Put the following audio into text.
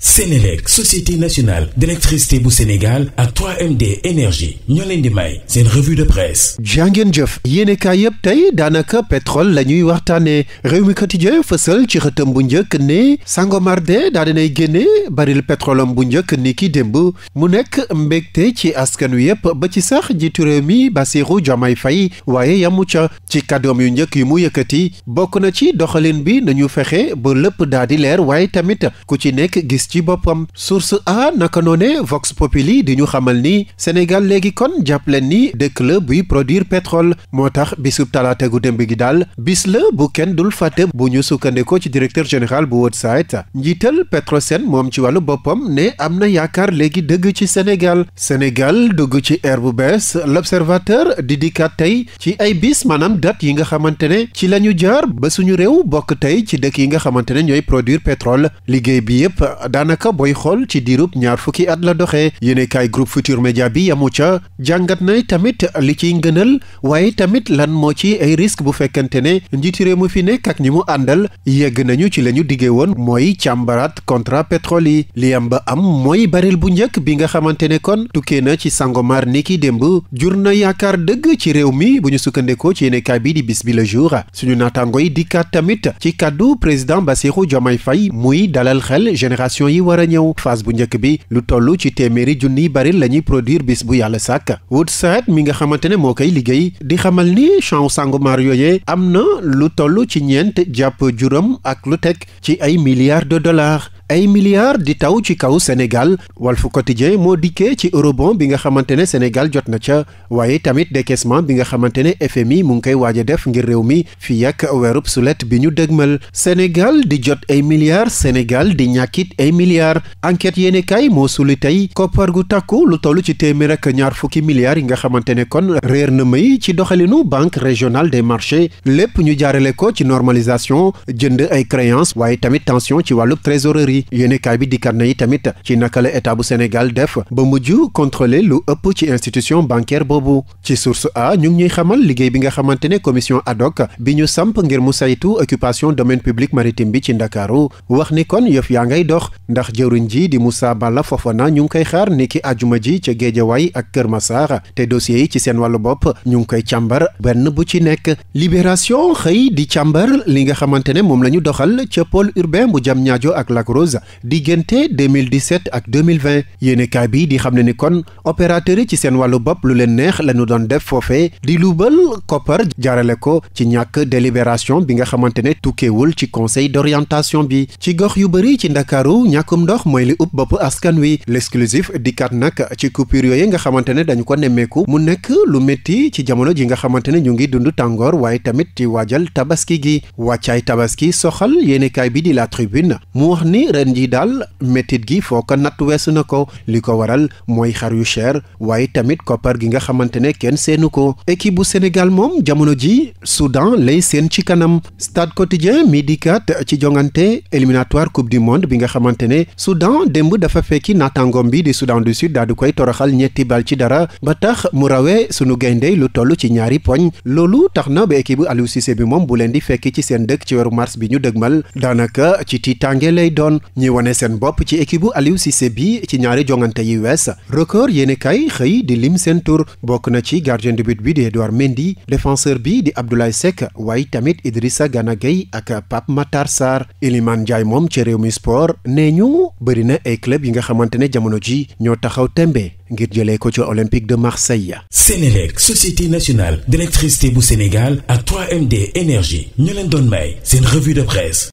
Sénélec société nationale d'électricité bu Sénégal ak 3MD énergie ñoo leen di may seen revue de presse jàngeen jëf yéenekaay yëpp tey daanaka pétrole la ñuy waxtaane réew mi quotidien fësal ci xëtam bu njëkk ne Sangomar de daa dinay génne baril pétrole bu njëkk ni ki démb mu nekk mbégte ci askan wi yëpp ba ci sax jiitu réew mi Bassirou Diomaye Faye waaye yamu ca ci kàddoom yu njëkk yu mu yëkkati bokk na ci doxalin bi nañu fexe ba lépp daa di leer waaye tamit ku ci nekk gis ci boppam source a naka noone Vox Populi di ñu xamal ni Sénégal léegi kon jàppale ni dëkk la buy produire pétrole moo tax bisub talaate gu démb gi daal bis la bu kenn dul fàtte bu ñu sukkandikoo ci directeur général bu Woodside njiital Petrosen moom ci wàllu boppam ne am na yaakaar léegi dëgg ci Sénégal Sénégal dëgg ci ère bu bees l'observateur di dikkaat tey ci ay bis maanaam date yi nga xamante ne ci lañu jaar ba suñu réew bokk tey ci dëkk yi nga xamante ne ñooy produire pétrole liggéey bi yépp daanaka booy xool ci diirub ñaar fukki at la doxe yéenekaay groupe Futur Média bi yamu ca jàngat na tamit li ciy ngënal waaye tamit lan moo ci ay risque bu fekkante ne njiiti réew mu fi nekk ak ñi mu àndal yegg nañu ci la ñu diggee woon mooy càmbaraat contrat pétrole yi li am ba am mooy baril bu njëkk bi nga xamante ne kon tukkee na ci Sangomar ni ki démb jur na yaakaar dëgg ci réew mi bu ñu sukkandekoo ci yéenekaay bi di bis bi la jour suñu naataango yi dikkaat tamit ci kàddu président Bassirou Diomaye Faye muy dalal xel génération élection yi war a ñëw phase bu njëkk bi lu toll ci téeméeri junniy baril la ñuy produire bis bu yàlla sàkk Woodside mi nga xamante ne moo koy liggéey di xamal ni champ sangomar yooyee am na lu toll ci ñeent jàpp juróom ak lu teg ci ay milliards de dollars ay milliards di taw ci kaw Sénégal Walf Quotidien moo dikkee ci eurobond bi nga xamante ne Sénégal jot na ca waaye tamit décaissement bi nga xamante ne FMI mu ngi koy waaj a def ngir réew mi fii ak weerub sulet bi ñu dëgmal Sénégal di jot ay milliards Sénégal milliards enquête yéene kay moo suli tey koppar gu tàkku lu toll ci téeméer ak ñaar fukki milliards yi nga xamante ne kon réer na may ci doxalinu banque régionale des marchés lépp ñu jaarale ko ci normalisation jënd ay créances waaye tamit tension ci wàllu trésorerie yéene kaay bi dikkat na yi tamit ci naka la état bu Sénégal def ba mujj contrôler lu ëpp ci institution bancaire boobu ci source a ñu ngi ñuy xamal liggéey bi nga xamante ne commission ad hoc bi ñu samp ngir mu saytu occupation domaine public maritime bi ci ndakaaru wax ni kon yëf yaa ngay dox ndax jëruñ ji di musa Moussa Balla na ñu ngi koy xaar ni ki ajuma ji ca Géejawaay ak Kër Massar te dossiers yi ci seen wàllu bopp ñu ngi koy càmbar benn bu ci nekk Libération xëy di càmbar li nga xamante ne moom la ñu doxal ca pôle urbain bu jam ñaajo ak Lac Rose diggante 2017 ak 2020 yéenekaay bi di xam ne ni kon opérateur yi ci seen wàllu bopp lu leen neex la ñu doon def foofee di lubal koppar jaarale ko ci ñàkk délibération bi nga xamante ne tukkeewul ci conseil d'orientation bi ñàkkum ndox mooy li ub bopp askan wi l'exclusif dikkaat nag ci coupure yooyu nga xamante ne dañu ko nemmeeku mu nekk lu metti ci jamono ji nga xamante ne ñu ngi dund tàngoor waaye tamit ci waajal tabaski gi wàccaay tabaski soxal yéenekaay bi di la tribune mu wax ni ren ji daal méttit gi foo ko natt weesu na ko li ko waral mooy xar yu cher waaye tamit koppar gi nga xamante ne kenn seenu ko équipe bu Sénégal moom jamono ji Soudan lay seen ci kanam stade quotidien ne Soudan démb dafa fekki naataangoom bi di Soudan du Sud daal di koy toroxal ñetti bal ci dara ba tax mu rawee sunu gayndey lu toll ci ñaari poñ loolu tax na ba équipe Aliou Cissé bi moom bu leen di fekki ci seen dëkk ci weeru mars bi ñu dëgmal daanaka ci tiitaange lay doon ñuy wane seen bopp ci équipe bu Aliou Cissé bi ci ñaari jongante yi wees record yéeni kay xëy di lim seen tur bokk na ci gardien de but bi di Edouard Mendy défenseur bi di Abdoulaye sekk waaye tamit Idrissa Gana Gueye ak Pape Matar Sarr Iliman moom ci Rewmi Sport nañu bëri na ay club yi nga xamante ne jamono ji ñoo taxaw tembe ngir jëlee ko ci olympique de marseille Sénélec société nationale d'électricité bu sénégal ak 3MD énergie ñu leen doon may seen revue de presse